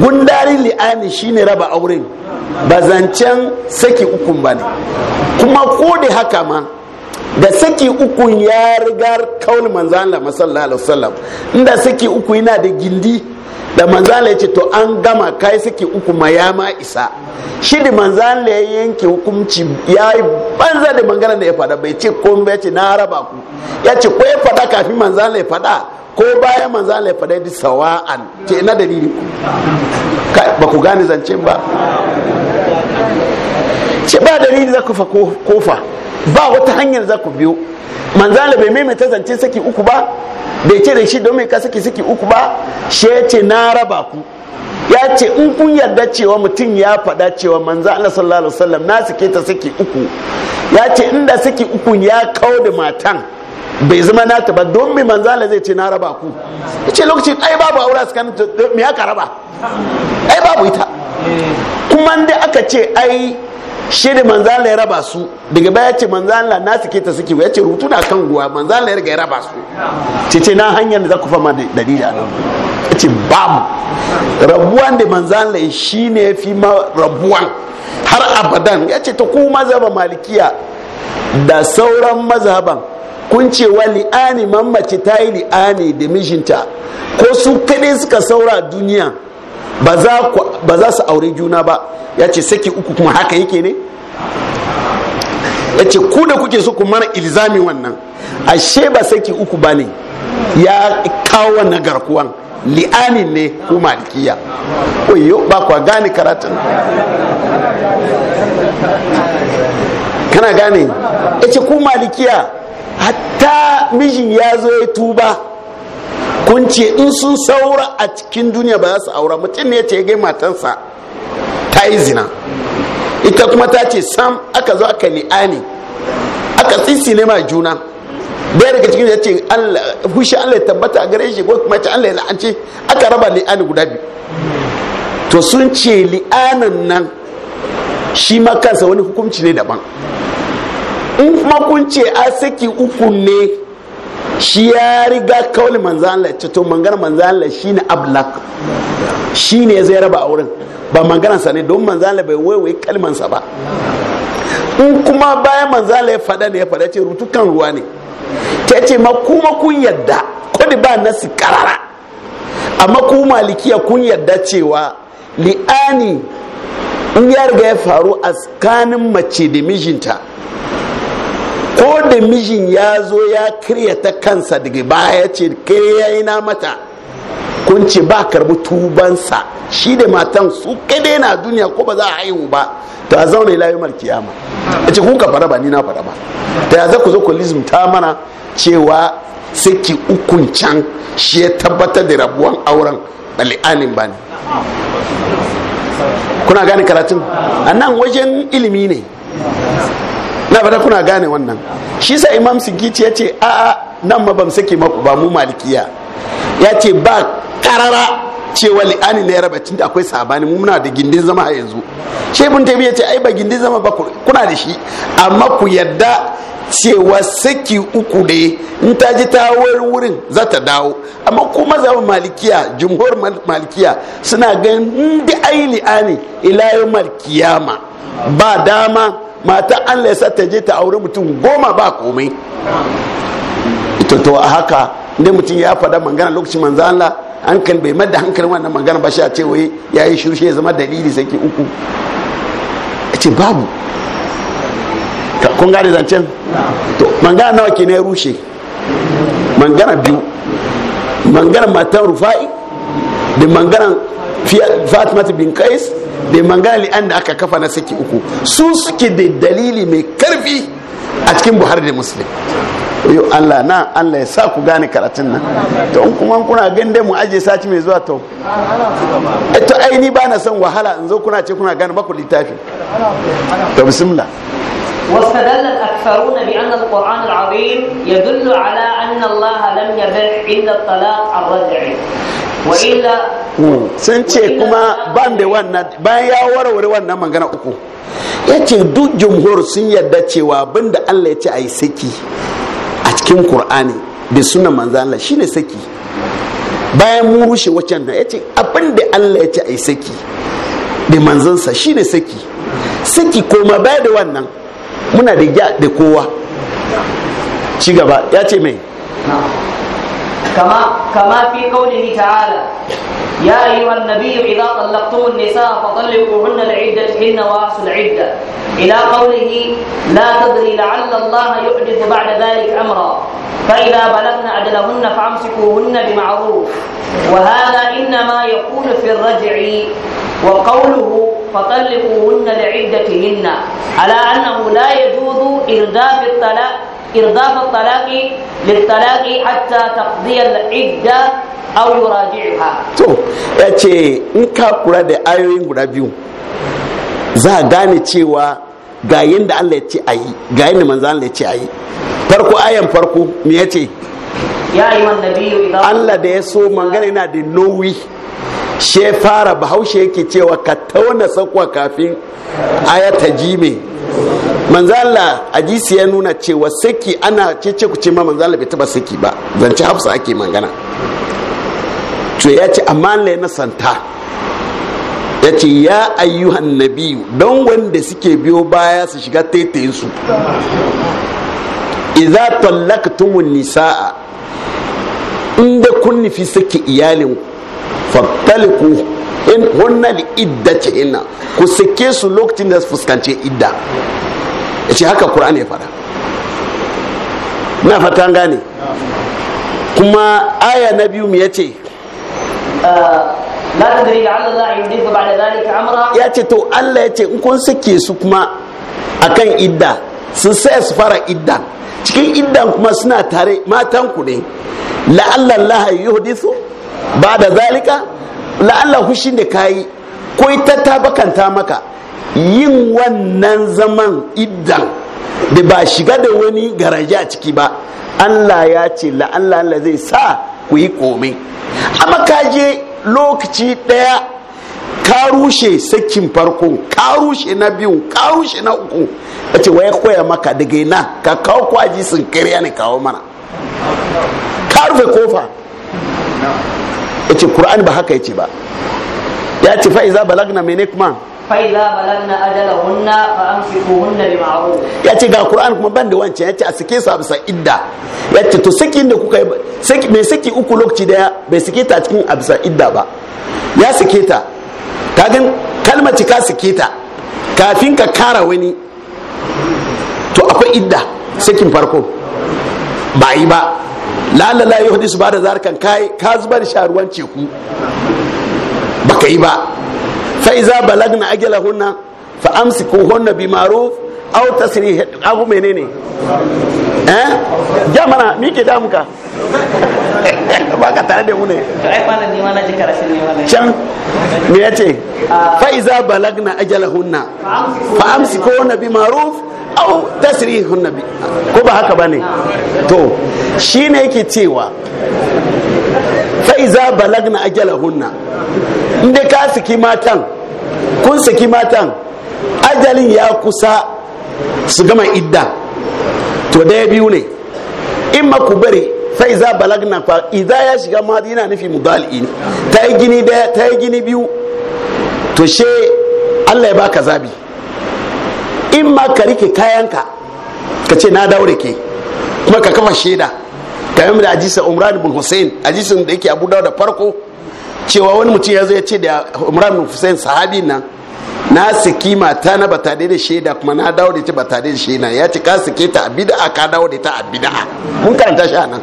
gundarin li'ani shine raba auren ba zancen saki ukun ba ne kuma ko da haka ma da saki ukun ya rigar kaunin manzan Allah sallallahu alaihi wasallam inda saki uku yana da gindi da manzala ya ce to an gama kai suke uku ma ya ma isa shi da manzala ya yanke hukunci ya yi banza da mangana da ya fada bai ce ko ya ce na raba ku ya ce ko ya fada kafin manzala ya fada ko bayan manzala ya fada da sawa'an ce ina dalili ba ku gane zance ba ce ba dalili za ku fa kofa ba wata hanyar za ku biyo manzala bai maimaita zance saki uku ba bai ce da shi domin ka saki saki uku ba shi ya ce na raba ku ya ce in kun yarda cewa mutum ya faɗa cewa manzo Allah sallallahu alaihi wasallam na sake ta saki uku ya ce inda saki uku ya kau da matan bai zama nata ba don mai manzo Allah zai ce na raba ku ya ce lokaci ai babu aure tsakanin me ya ka raba ai babu ita kuma da aka ce ai shi da manzala ya raba su daga baya ce manzala na suke ta suke ya ce rubutu na kan guwa manzala ya riga ya raba su ce ce na hanyar da za ku fama dalila ya ce babu rabuwan da manzala shi ne ya fi ma rabuwan har abadan ya ce ta ku mazhaba malikiya da sauran mazhaban kun ce wa li'ani mamace ta yi li'ani da mijinta ko su kaɗai suka saura duniya ba za su aure juna ba ya ce saki uku kuma haka yake ne ya ce ku da kuke so ku mana ilzami wannan ashe ba saki uku ba ne ya kawo wannan garkuwan li'anin ne ko malikiya koyo ba kwa gane karatun kana gane ya ce ku malikiya hatta mijin ya zo ya tuba kun ce in sun saura a cikin duniya ba za su aura mutum ne ya ce gai matansa ta yi zina ita kuma ta ce sam aka zo aka li'ani aka tsitsi ne ma juna bai daga cikin ya ce hushe allah ya tabbata a gare shi ko kuma ce allah ya la'ance aka raba li'ani guda biyu to sun ce li'anin nan shi ma kansa wani hukunci ne daban in kuma kun ce a saki uku ne shi ya riga kawai manzan Allah to maganar manzan Allah shine ablak ne zai raba auren ba maganar sa ne don manzan Allah bai waiwai kalman sa ba in kuma bayan manzan Allah ya fada ne ya fada ce rutukan ruwa ne ta ce ma kuma kun yadda kudi ba nasi karara amma ku malikiya kun yadda cewa li'ani in ya riga ya faru a tsakanin mace da mijinta ko da mijin ya zo ya kirya ta kansa daga baya ya ce kirya na mata kun ce ba karbi tubansa shi da matan su kadai na duniya ko ba za a haihu ba ta zauna ila kiyama a ce kun ka fara ba ni na fara ba ta yaza ku zo ku ta mana cewa saki ukun can shi ya tabbatar da rabuwan auren bali'anin ba ne kuna gane karatun a nan wajen ilimi ne na bada kuna gane wannan shi sa imam sikici ya ce a'a nan ma bam sake maku ba mu malikiya ya ce ba karara cewa li'ani na yaraba tunda akwai sabani muna da gindin zama a yanzu shebun tabi ya ce ai ba gindin zama ba kuna da shi amma ku yadda cewa saki uku ne in ta ji ta wurin za ta dawo amma kuma zama malikiya jumhur malikiya suna ganin in bi ai li'ani ila yau malkiyama ba dama mata an laisa sa ta je ta aure mutum goma ba komai ita to a haka inda mutum ya faɗa magana lokacin manzo allah hankali bai mada hankalin wannan magana ba shi a ce wai ya yi shirshe zama dalili saki uku a ce babu kun gane zancen to mangana nawa ke na rushe mangana biyu mangana matan rufa'i da mangana fatima bin kais da mangali an da aka kafa na saki uku su suke da dalili mai karfi a cikin buhari da muslim yo Allah na Allah ya sa ku gane karatun nan to in kuma kuna gande mu aje sati mai zuwa to eh, to ai ni ba na son wahala in zo kuna ce kuna gane ba ku littafi to bismillah واستدل الأكثرون بأن القرآن العظيم يدل على أن الله لم يبح إلا الطلاق الرجعي وإلا sun ce kuma ban da wannan bayan ya warware wannan magana uku ya ce duk jumhur sun yarda cewa abin da allah ya ce a yi saki a cikin kur'ani da sunan manzan allah shine saki bayan mu rushe wacan nan ya ce abin da allah ya ce a yi saki da manzansa shine saki saki koma baya da wannan muna da gya da kowa ci gaba ya ce mai كما كما في قوله تعالى يا أيها النبي إذا طلقتم النساء فطلقوهن لعدتهن وأحصوا العدة إلى قوله لا تدري لعل الله يحدث بعد ذلك أمرا فإذا بلغن أجلهن فأمسكوهن بمعروف وهذا إنما يكون في الرجع وقوله فطلقوهن لعدتهن على أنه لا يجوز إرداف الطلاق إرضاف الطلاق للطلاق حتى تقضي العدة أو يراجعها تو يأتي إنكا قرأ دي آيوين قرأ za gane cewa ga yadda Allah ya ce a yi ga yadda manzo Allah ya ce a yi farko ayan farko me ya ce Allah da ya so mangana yana da nowi she fara bahaushe yake cewa ka tauna sakwa kafin ayata jime manzala hadisi ya nuna cewa saki ana cece ku ce ma manzala bai taba saki ba zance hafsa ake magana to ya ce amma na santa ya ce ya ayyuhan nabiyu don wanda suke biyo baya su shiga taitayin su idza tallaqtumun nisaa inda kun nufi saki iyalin fattaliku in wannan idda ce ina ku sake su lokacin da fuskance idda ya ce haka ƙura'an ya fara na fata gane kuma aya na biyu mu ya ce ah, ya ce to allah ya ce in kun sake su kuma akan idda sun sai su fara idda cikin iddan kuma suna tare matan ku ne la'allallah yuhdithu ba da zalika la'alla hushin da kayi ko ita ta bakanta maka yin wannan zaman idan da ba shiga da wani garaje a ciki ba Allah ya ce la'alla Allah zai sa ku yi komai amma ka je lokaci ɗaya ka rushe sakin farko ka rushe na biyu ka rushe na uku a ce waya koya maka daga ina ka kawo kwaji sun kariya ne kawo mana ka rufe kofa yace qur'ani ba haka ya ce ba ya ce fa'iza iza balagna mene kuma fa iza balagna ajalahunna fa amsikuhunna bi ma'ruf ya ce ga qur'an kuma ban da wancan ya ce a sike su a bisa idda ya ce to saki da kuka yi mai saki uku lokaci daya bai sike ta cikin a bisa idda ba ya sike ta kagan kalmaci ka sike ta kafin ka kara wani to akwai idda sakin farko ba yi ba lalala ya hudu su ba da zarkan ka zubar sha ruwan ceku baka yi ba fa'iza balagna ajalahunna fa amsiku hunna bi ma'ruf au tasiri abu menene eh jamana mi ke damu ka ba ka tare da mu ne ai malam ni ma na ji karashin ne malam can me yace ah. fa iza balagna ajalahunna fa amsiku bi ma'ruf au tasrihunna bi ko ba haka bane to shine yake cewa fa iza balagna ajalahunna inda ka saki matan kun saki matan ajalin ya kusa su gama idda to daya biyu ne in ma ku bari sai za balagna fa idza ya shiga madi yana nufi mudali ne ta yi gini daya ta yi gini biyu to she Allah ya baka zabi in ma ka rike kayanka ka ce na daure ke kuma ka kafa shaida kamar da ajisa umran bin hussein ajisin da yake abu da farko cewa wani mutum ya zo ya ce da umran bin hussein sahabi nan na siki mata na ba tare da shaida kuma na dawo da ta ba tare da shaida ya ci ka sike ta a bid'a ka dawo da ta a bid'a mun karanta shi anan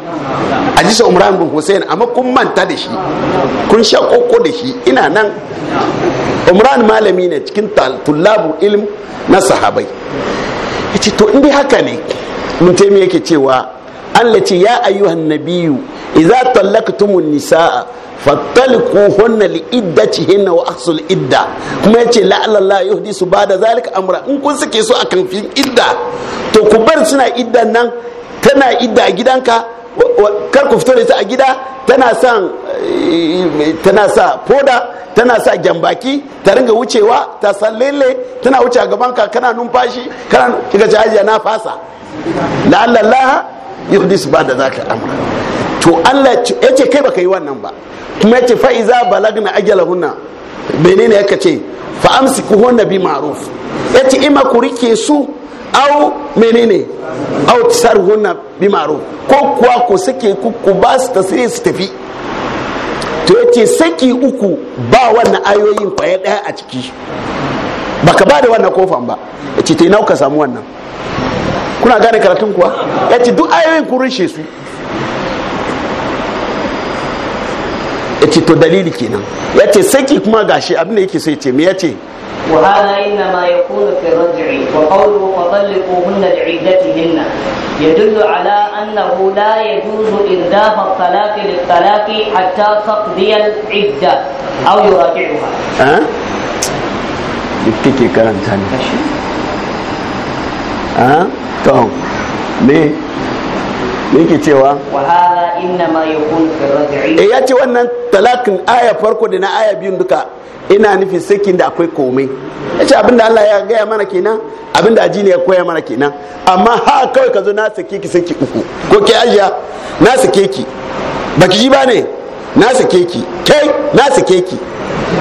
a ji sa umran bin hussein amma kun manta da shi kun sha koko da shi ina nan umran malami ne cikin tullabu ilm na sahabai ce to inda haka ne mun taimi yake cewa an ce ya ayyuhan nabiyu idza tallaqtumun nisaa fattaliku hunna li iddatihinna wa ahsul idda kuma yace la Allah yuhdisu bada zalika amra in kun suke so akan fi idda to ku bar suna idda nan tana idda a gidanka kar ku fito da ita a gida tana sa eh, tana sa foda tana sa jambaki ta ringa wucewa ta san lele tana wuce a gaban ka kana numfashi kana kiga ci ajiya na fasa la Allah yuhdis ba da zalika amra to Allah ya ce kai baka yi wannan ba kuma yace fa'iza iza balagna ajalahunna menene yake ce fa amsikuhunna bi ma'ruf yace ima ku rike su au menene au tisarhunna bi ma'ruf ko kuwa ku suke ku ku ba su tasiri su tafi to yace saki uku ba wannan ayoyin kwaya daya a ciki baka ba da wannan kofan ba yace ta ina ka samu wannan kuna gane karatun kuwa yace duk ayoyin ku rushe su ya ce to dalili kenan ya ce saki kuma gashi abin da yake sai ce me ya ce وهذا إنما يكون في الرجع وقوله فطلقوهن لعدتهن يدل على أنه لا يجوز الطلاق للطلاق حتى تقضي يراجعها ها؟ يبتكي كلام ثاني ها؟ yake cewa e ya ce wannan talakin aya farko da na aya biyun duka ina nufin sakin da akwai komai ya ce abinda Allah ya gaya mana kenan abinda ne ya koya mana kenan amma ha kawai ka zo na sake ki saki uku ko ke ajiya na sake ki baki ji ba ne na sake ki kai na sake ki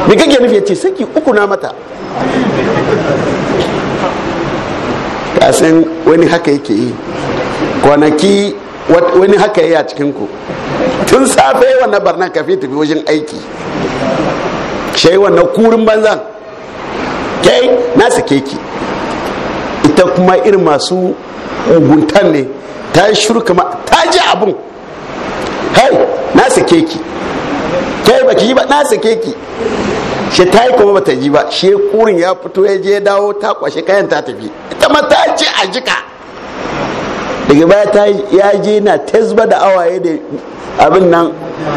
me kake nufi ya ce saki uku na mata kasan wani haka yake yi kwanaki wani haka yi a cikinku tun safe wannan barnan kafin tafi wajen aiki shai wannan kurin banzan kai na sake ki ita kuma irin masu muguntan ne ta yi shuru kama ta ji abin hai na sake ki kai baki yi ba na sake ki shi ta yi kuma bata ji ba shi kurin ya fito ya je dawo ta kwashe kayan ta tafi ita ma ta ji a jika daga baya ta ya je na tezba da awaye da abin nan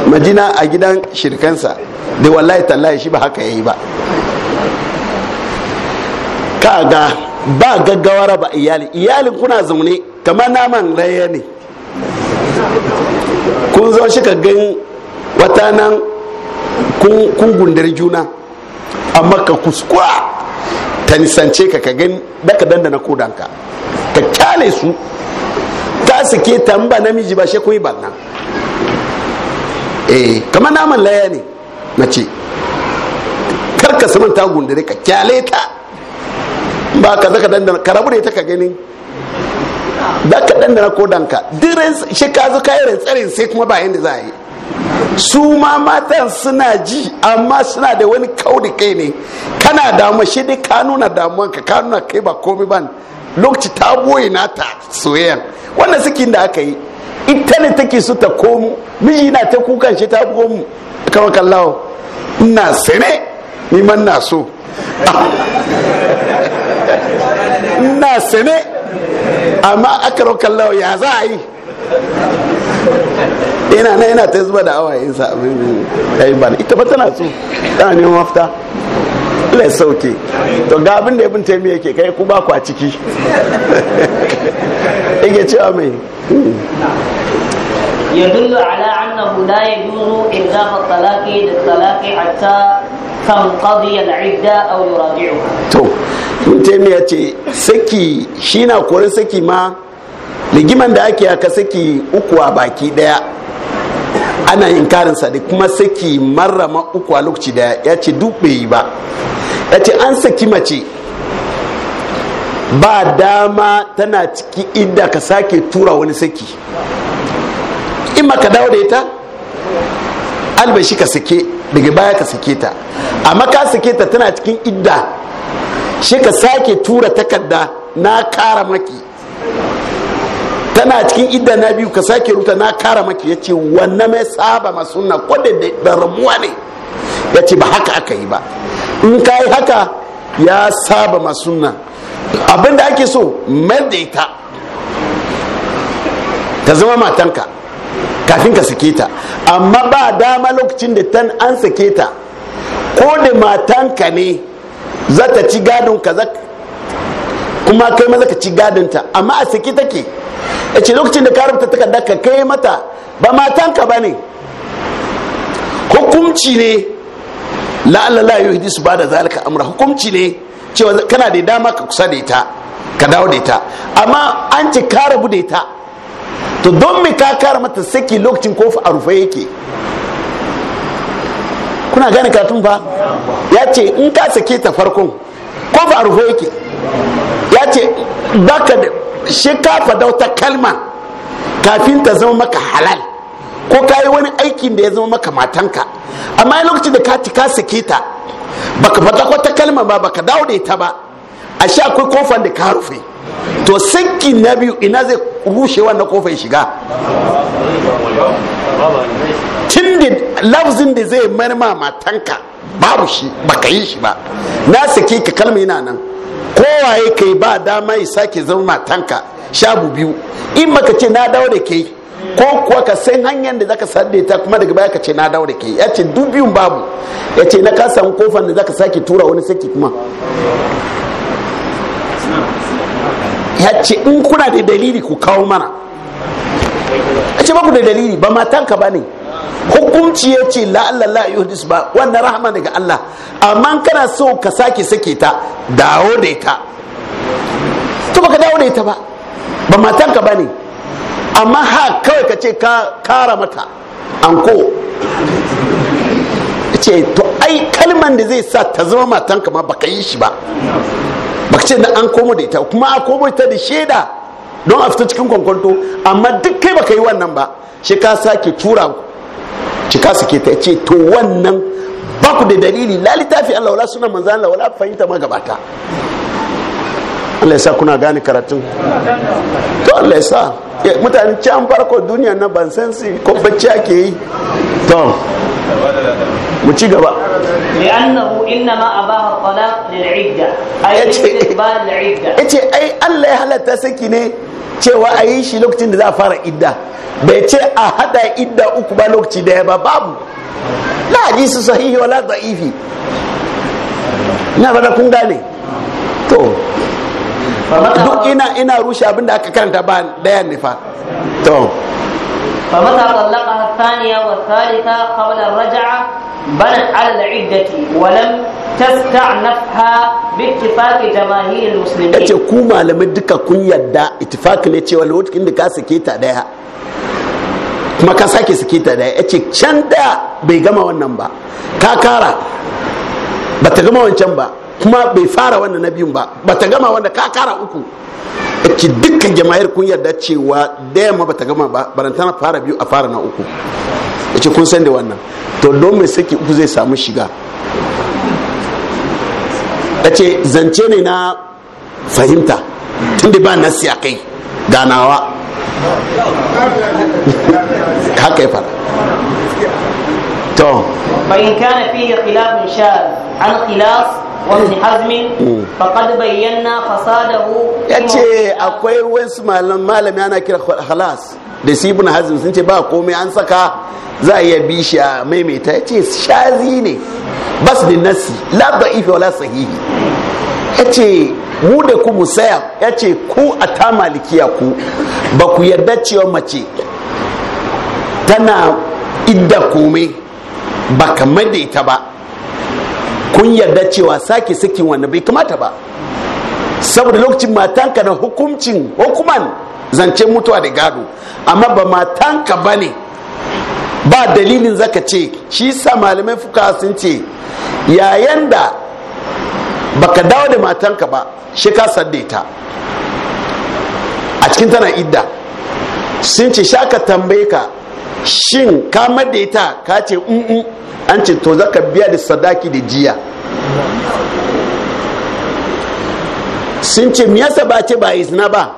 majina a gidan shirkansa da wallahi tallahi shi ba haka yi ba ka ga ba gaggawara ba iyali iyalin kuna zaune kamar naman raya ne kun zo shi ka gan wata nan kun gundar juna amma ka kuskura ta nisance ka ka gani daka dandana kodanka ka kyale su ta suke tamba namiji ba shi kun ba na? eh kamar naman laya ne mace karka saman ta gundare ka kyale ta ba ka zaka dandana ka rabu da ita ka gani da ka dandana ko danka dire shi ka zo kayan tsarin sai kuma ba yanda za a yi su ma matan suna ji amma suna da wani kaudi kai ne kana damu shi dai ka nuna damuwanka ka nuna kai ba komi ba. lokaci ta boye ta soyayyan wannan sikin da aka yi ita ne take so ta komo miji na ta kukan shi ta komo kawai kallawo ina sene, ni na so ina sene, amma aka kallawo ya za a yi ina na ina ta zuba da awayensa abin da ya yi ba ita ba tana so tana neman mafita Allah ya sauke to ga abin da ibn taymiya yake kai ku ba ku a ciki yake cewa mai يدل على أنه لا يجوز إطلاق الطلاق للطلاق حتى تنقضي العدة أو يراجعها. تو mutum ya ce saki shi na kore saki ma ligiman da ake aka saki uku a baki daya ana inkarinsa da kuma saki marrama uku a lokaci daya ya ce duk bai yi ba ta ce an saki mace ba dama tana ciki inda ka sake tura wani saki in ka dawo da ita albashi ka sake daga baya ka sake ta amma ka sake ta tana cikin idda shi ka sake tura takarda na kara maki tana cikin idda na biyu ka sake ruta na kara maki ya ce wannan mai saba na ko da ramuwa ne ya ce ba haka aka yi ba in ka yi haka ya saba ma abinda ake so mayar da ita ta zama matanka kafin ka sake ta amma ba dama lokacin da tan an sake ta ko da matanka ne za ta ci gadon ka kuma kai maza ka ci gadon ta amma a sake take ya ce lokacin da ka rubuta takarda ka kai mata ba matanka ba ne hukunci ne la'alla la hadisu su bada zalika amra hukunci ne cewa kana da dama ka kusa da ita ka dawo da ita amma an ce ka rabu da ita to don me ka kara mata saki lokacin kofa a rufe yake kuna gane kafin ba ya ce in ka sake ta farkon kofa a rufe yake ya ce baka da shi kafa dauta kalma kafin ta zama maka halal ko ka yi wani aikin da ya zama maka matanka amma lokacin da ka ci ka sake ta baka fata wata kalma ba ka dawo da ita ba a sha akwai kofar da ka rufe to sanki na biyu ina zai rushe wannan kofar shiga tun da lafzin da zai marma matanka babu shi ba ka yi shi ba na sake ka kalma yana nan kowaye kai ba dama ya sake zama matanka bu biyu in maka ce na dawo da yi ko kuwa ka san hanyar da zaka sadde ta kuma daga baya ka ce na daure ke ya ce dubiyun babu ya ce na ka samu kofar da zaka sake tura wani saki kuma ya ce in kuna da dalili ku kawo mana ya ce baku da dalili ba matan ka ba ne hukunci ya ce la'allah yuhdis ba wannan rahama daga Allah amma kana so ka sake sake ta dawo da ita to baka dawo da ita ba ba ka ba ne amma ha kawai ka ce ka kara mata anko ce to ai kalman da zai sa ta zama matanka ma baka yi shi ba baka ce na an komo da ita kuma a komo ta da shaida don a fita cikin kwankwanto amma duk kai baka yi wannan ba shi ka sake tura ku shi ka sake ta ce to wannan baku da dalili lalita fi Allah wala suna manzan Allah wala fahimta ma gabata Allah ya sa kuna gane karatun to Allah ya sa eh, mutane can farko duniya na ban san su ko bacci ake yi to mu ci gaba inna ma abaha talaq lil'idda ay istibal lil'idda yace ai Allah ya halatta saki ne cewa a yi shi lokacin da za a fara idda bai ce a hada idda uku ba lokaci daya ba babu la hadisi sahihi wala da'ifi ina ba kun gane to duk ina ina rushe abinda aka karanta ba daya ne fa to فمتى طلقها الثانية والثالثة قبل الرجعة بنت على العدة ولم تستعنفها باتفاق جماهير المسلمين ku duka kun ne da ka sake ta daya kuma ka sake sake ta daya ce can daya bai gama wannan ba ka kara bata gama wancan ba kuma bai fara wannan na biyun ba ba ta gama wanda ka kara uku ki dukkan jama'ir kun yarda cewa da yamma ta gama ba baranta na fara biyu a fara na uku yace kun san da wannan to don mai saki uku zai samu shiga yace zance ne na fahimta tunda ba nasi a kai ganawa haka ya fara to bayan kana fiye khilafin sha an khilas wani hmm. bayyana ya ce akwai wasu malami ana kira halas da sibin ibn hazm sun ce ba komai an saka za a iya bi shi a maimaita ya ce shazi ne bas da nasi la ife wala sahihi ya ce mu da ku musaya ya ce ku a ta malikiya ku ba ku yarda cewa mace tana idda komai ba kamar da ita ba kun yarda cewa sake sakin wannan bai kamata ba saboda lokacin matanka na hukuncin hukuman zance mutuwa da gado amma ba matanka ba ne ba dalilin zaka ce shi sa malamai fuka sun ce yayan da baka dawo da matanka ba shi ka ta a cikin tana idda sun ce shaka tambaye ka shin ka madaita ka ce mm an ce to zaka biya da sadaki da jiya sun ce miyasa ba ce ba izina ba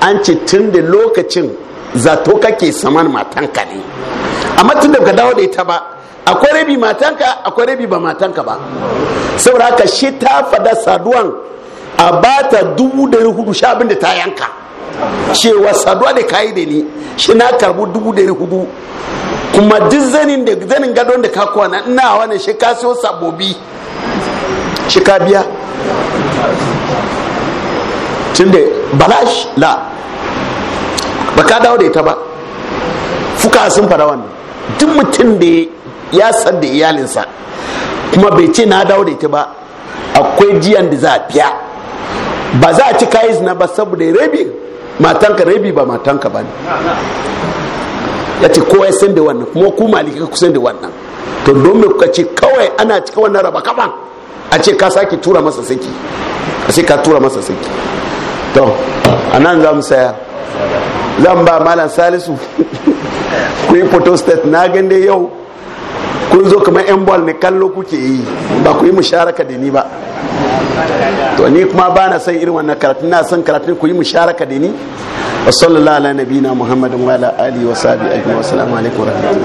an ce tun da lokacin zato kake saman matanka ne amma tun da ka dawo da ita ba akwai rabi matanka akwai rabi ba matanka ba saboda haka shi ta fada saduwan a ba ta dubu dari hudu sha abin da ta yanka cewa saduwa da kayi da ni shi na karbu dubu dari hudu kuma duk zanin da zanin gadon da ka kwana ina wani shi ka siyo sabobi shi ka biya tunda balash la ba ka dawo da ita ba fuka sun fara wannan duk mutum da ya san da iyalinsa kuma bai ce na dawo da ita ba akwai jiyan da za a biya ba za a ci kayi na ba saboda rabi matanka rabi ba matanka ba ne ya ce kowa ya san da wannan kuma ku maliki ku san da wannan to don me kuka ce kawai ana cika wannan raba kafa a ce ka sake tura masa saki a ce ka tura masa saki to anan za mu saya zan ba malam salisu ku yi state na gande yau kun zo kamar yan bol ne kallo kuke yi ba ku yi musharaka da ni ba to ni kuma ba na san irin wannan karatu na san karatu ku yi musharaka da ni wa sallallahu ala nabiyina muhammadin wa ala alihi wa sahbihi ajma'in wa assalamu alaikum wa rahmatullahi